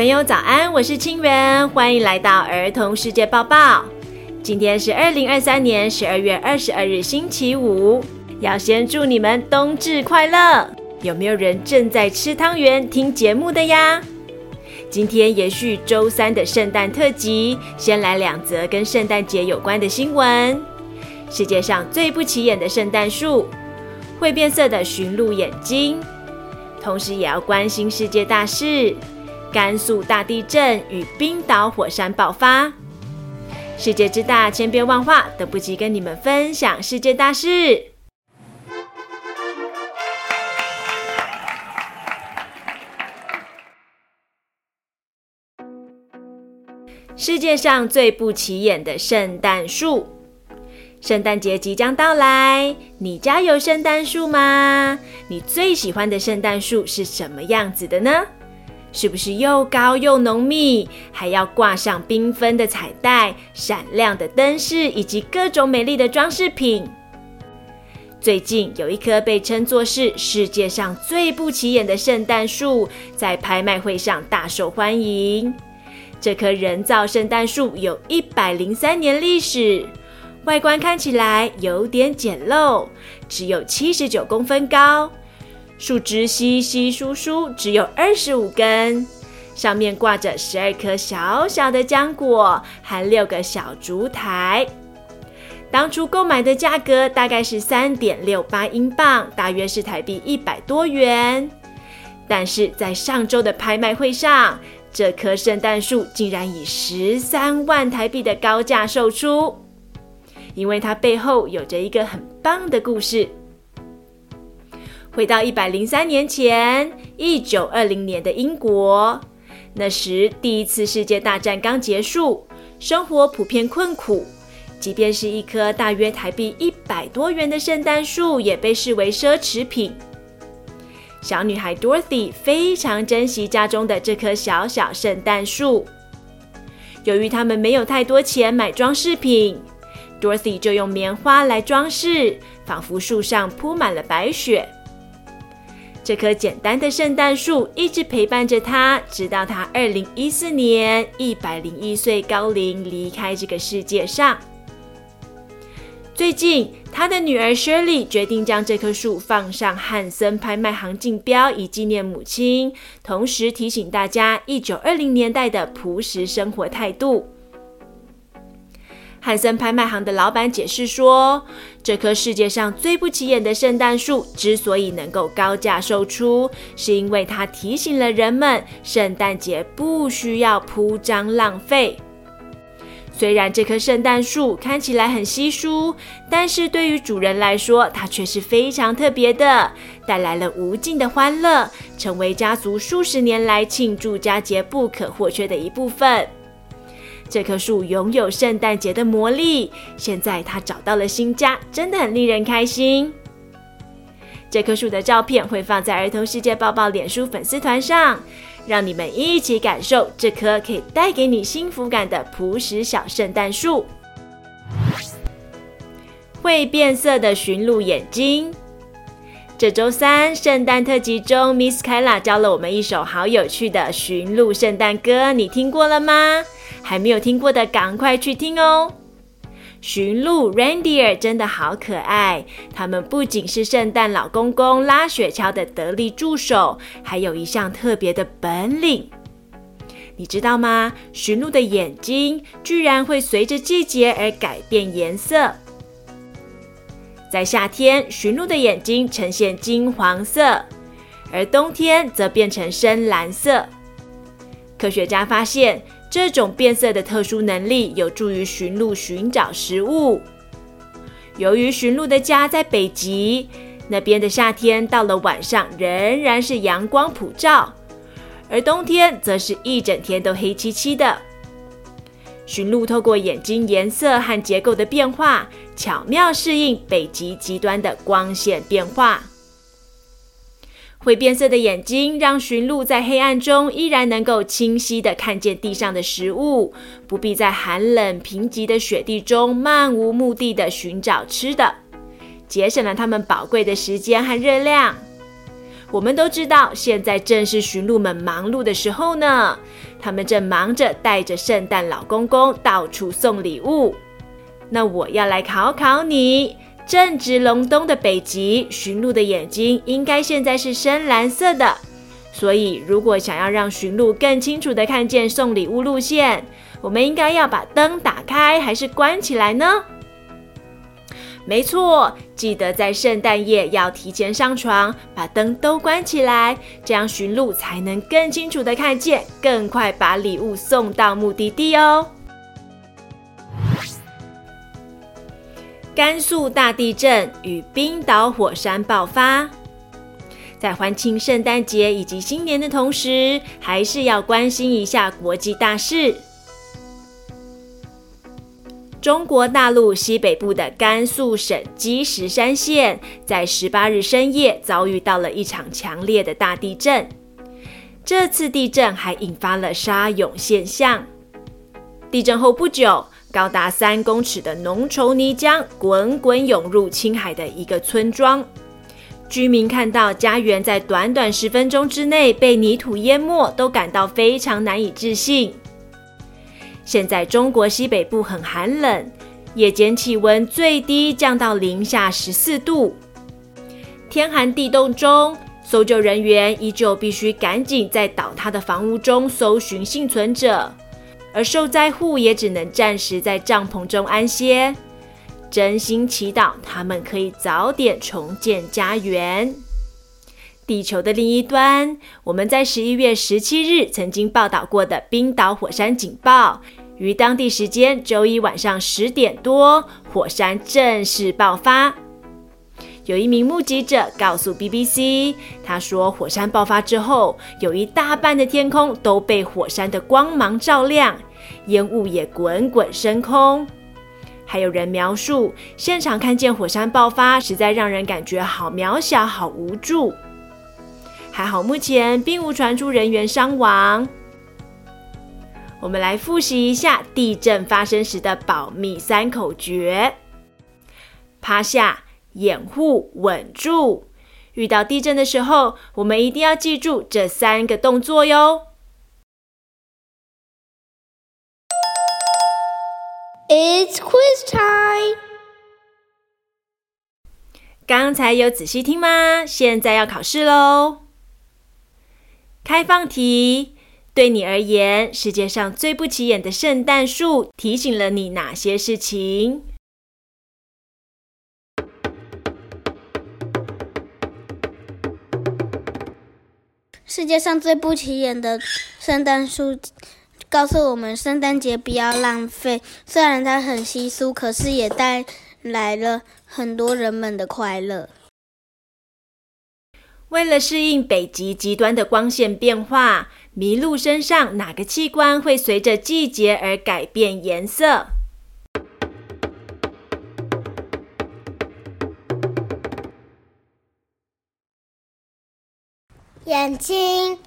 朋友早安，我是清源，歡迎來到兒童世界報報。今天是二零二三年十二月二十二日，星期五。要先祝你們冬至快樂！有沒有人正在吃湯圓聽節目的呀？今天延續週三的聖誕特輯，先來兩則跟聖誕節有關的新聞：世界上最不起眼的聖誕樹，會變色的馴鹿眼睛。同時也要關心世界大事。甘肅大地震與冰島火山爆發，世界之大，千變萬化，等不及跟你們分享世界大事。世界上最不起眼的聖誕樹，聖誕節即將到來，你家有聖誕樹嗎？你最喜歡的聖誕樹是什麼樣子的呢？是不是又高又濃密，還要掛上繽紛的彩帶、閃亮的燈飾以及各種美麗的裝飾品？最近有一棵被稱作是世界上最不起眼的聖誕樹，在拍賣會上大受歡迎。這棵人造聖誕樹有一百零三年歷史，外觀看起來有點簡陋，只有七十九公分高。樹枝稀稀疏疏，只有二十五根，上面掛着十二顆小小的漿果含六個小燭台。當初購買的價格大概是三點六八英鎊，大約是台幣一百多元。但是在上周的拍賣會上，這棵聖誕樹竟然以十三萬台幣的高價售出，因為它背後有着一個很棒的故事。回到一百零三年前，一九二零年的英國，那時第一次世界大戰剛結束，生活普遍困苦，即便是一棵大約台幣一百多元的聖誕樹，也被視為奢侈品。小女孩 Dorothy 非常珍惜家中的這棵小小聖誕樹。由於他們沒有太多錢買裝飾品，Dorothy 就用棉花來裝飾，仿佛樹上鋪滿了白雪。這棵簡單的聖誕樹一直陪伴着他，直到他2014年101歲高齡離開這個世界上。最近，他的女兒 Shirley 決定將這棵樹放上漢森拍賣行競標，以紀念母親，同時提醒大家1920年代的樸實生活態度。漢森拍賣行的老闆解釋說：“這棵世界上最不起眼的聖誕樹之所以能夠高價售出，是因為它提醒了人們，聖誕節不需要鋪張浪費。雖然這棵聖誕樹看起來很稀疏，但是對於主人來說，它卻是非常特別的，帶來了無盡的歡樂，成為家族數十年來慶祝佳節不可或缺的一部分。”這棵樹擁有聖誕節的魔力，現在它找到了新家，真的很令人開心。這棵樹的照片會放在兒童世界報報臉書粉絲團上，讓你們一起感受這棵可以帶給你幸福感的樸實小聖誕樹。會變色的馴鹿眼睛，這週三聖誕特輯中，Miss Kayla 教了我們一首好有趣的馴鹿聖誕歌，你聽過了嗎？還沒有聽過的，趕快去聽哦！馴鹿 （Reindeer） 真的好可愛。它們不僅是聖誕老公公拉雪橇的得力助手，還有一項特別的本領。你知道嗎？馴鹿的眼睛居然會隨着季節而改變顏色。在夏天，馴鹿的眼睛呈現金黃色；而冬天則變成深藍色。科學家發現，這種變色的特殊能力有助於馴鹿尋找食物。由於馴鹿的家在北極，那邊的夏天到了晚上仍然是陽光普照，而冬天則是一整天都黑漆漆的。馴鹿透過眼睛顏色和結構的變化，巧妙適應北極極端的光線變化。會變色的眼睛讓馴鹿在黑暗中依然能夠清晰的看見地上的食物，不必在寒冷貧瘠的雪地中漫無目的的尋找吃的，節省了他們寶貴的時間和熱量。我們都知道，現在正是馴鹿們忙碌的時候呢，它們正忙着帶着聖誕老公公到處送禮物。那我要來考考你。正值隆冬的北極，馴鹿的眼睛應該現在是深藍色的。所以，如果想要讓馴鹿更清楚的看見送禮物路線，我們應該要把燈打開還是關起來呢？沒錯，記得在聖誕夜要提前上床，把燈都關起來，這樣馴鹿才能更清楚的看見，更快把禮物送到目的地哦。甘肅大地震與冰島火山爆發，在歡慶聖誕節以及新年的同時，還是要關心一下國際大事。中國大陸西北部的甘肅省積石山縣在十八日深夜遭遇到了一場強烈的大地震，這次地震還引發了沙湧現象。地震後不久，高達三公尺的濃稠泥漿滾滾湧入青海的一個村莊，居民看到家園在短短十分鐘之內被泥土淹沒，都感到非常難以置信。現在中國西北部很寒冷，夜間氣溫最低降到零下十四度，天寒地凍中，搜救人員依舊必須趕緊在倒塌的房屋中搜尋幸存者。而受災戶也只能暫時在帳篷中安歇，真心祈禱他們可以早點重建家園。地球的另一端，我們在十一月十七日曾經報道過的冰島火山警報，於當地時間周一晚上十點多，火山正式爆發。有一名目擊者告訴 BBC，他說火山爆發之後，有一大半的天空都被火山的光芒照亮，煙霧也滾滾升空。還有人描述，現場看見火山爆發，實在讓人感覺好渺小、好無助。還好，目前並無傳出人員傷亡。我們來複習一下地震發生時的保命三口訣：趴下。掩護，穩住！遇到地震的時候，我們一定要記住這三個動作喲。It's quiz time！剛才有仔細聽嗎？現在要考試嘍。開放題：對你而言，世界上最不起眼的聖誕樹，提醒了你哪些事情？世界上最不起眼的聖誕樹，告訴我們聖誕節不要浪費。雖然它很稀疏，可是也帶來了很多人們的快樂。為了適應北極極端的光線變化，麋鹿身上哪個器官會隨着季節而改變顏色？眼睛，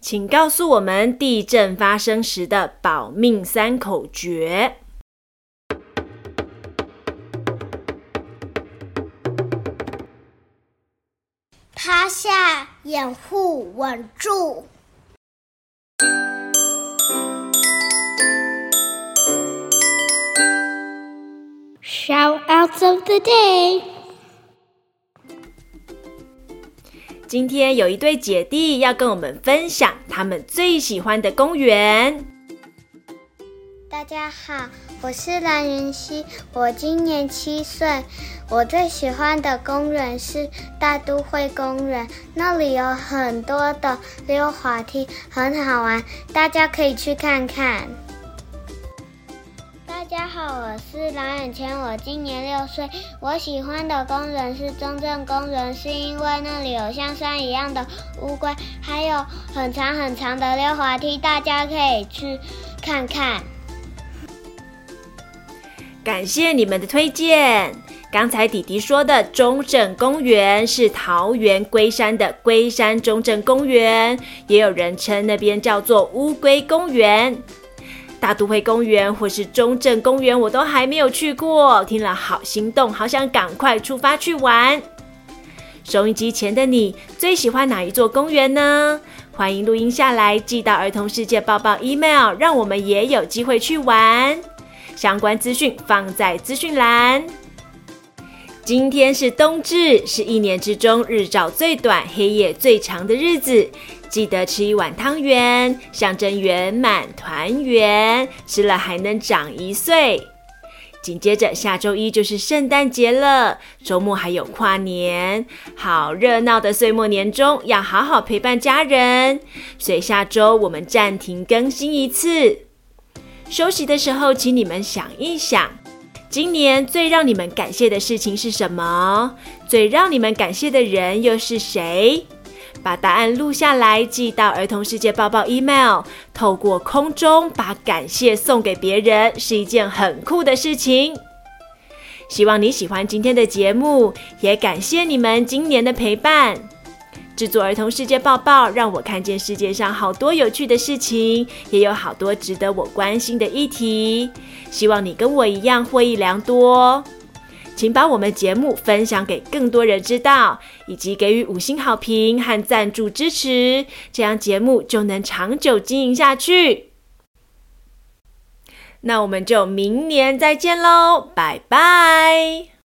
請告訴我們地震發生時的保命三口訣：趴下、掩護、穩住。Shout out of the day。今天有一對姐弟要跟我們分享他們最喜歡的公園。大家好，我是藍雲熙，我今年七歲。我最喜歡的公園是大都會公園，那裡有很多的溜滑梯，很好玩，大家可以去看看。我是藍眼圈，我今年六歲。我喜歡的公園是中正公園，是因為那裡有像山一樣的烏龜，還有很長很長的溜滑梯，大家可以去看看。感謝你們的推薦。剛才弟弟說的中正公園是桃園龜山的龜山中正公園，也有人稱那邊叫做烏龜公園。大都會公園或是中正公園，我都還沒有去過，聽了好心動，好想趕快出發去玩。收音機前的你，最喜歡哪一座公園呢？歡迎錄音下來寄到兒童世界報報 email，讓我們也有機會去玩。相關資訊放在資訊欄。今天是冬至，是一年之中日照最短、黑夜最長的日子。記得吃一碗湯圓，象徵圓滿團圓，吃了還能長一歲。緊接着下周一就是聖誕節了，周末還有跨年，好熱鬧的歲末年終，要好好陪伴家人。所以下周我們暫停更新一次，休息的時候，請你們想一想，今年最讓你們感謝的事情是什麼？最讓你們感謝的人又是誰？把答案錄下來，寄到兒童世界報報 email。透過空中把感謝送給別人，是一件很酷的事情。希望你喜歡今天的節目，也感謝你們今年的陪伴。制作兒童世界報報，讓我看見世界上好多有趣的事情，也有好多值得我關心的議題。希望你跟我一樣，獲益良多。請把我們節目分享給更多人知道，以及給予五星好評和贊助支持，這樣節目就能長久經營下去。那我們就明年再見嘍，拜拜。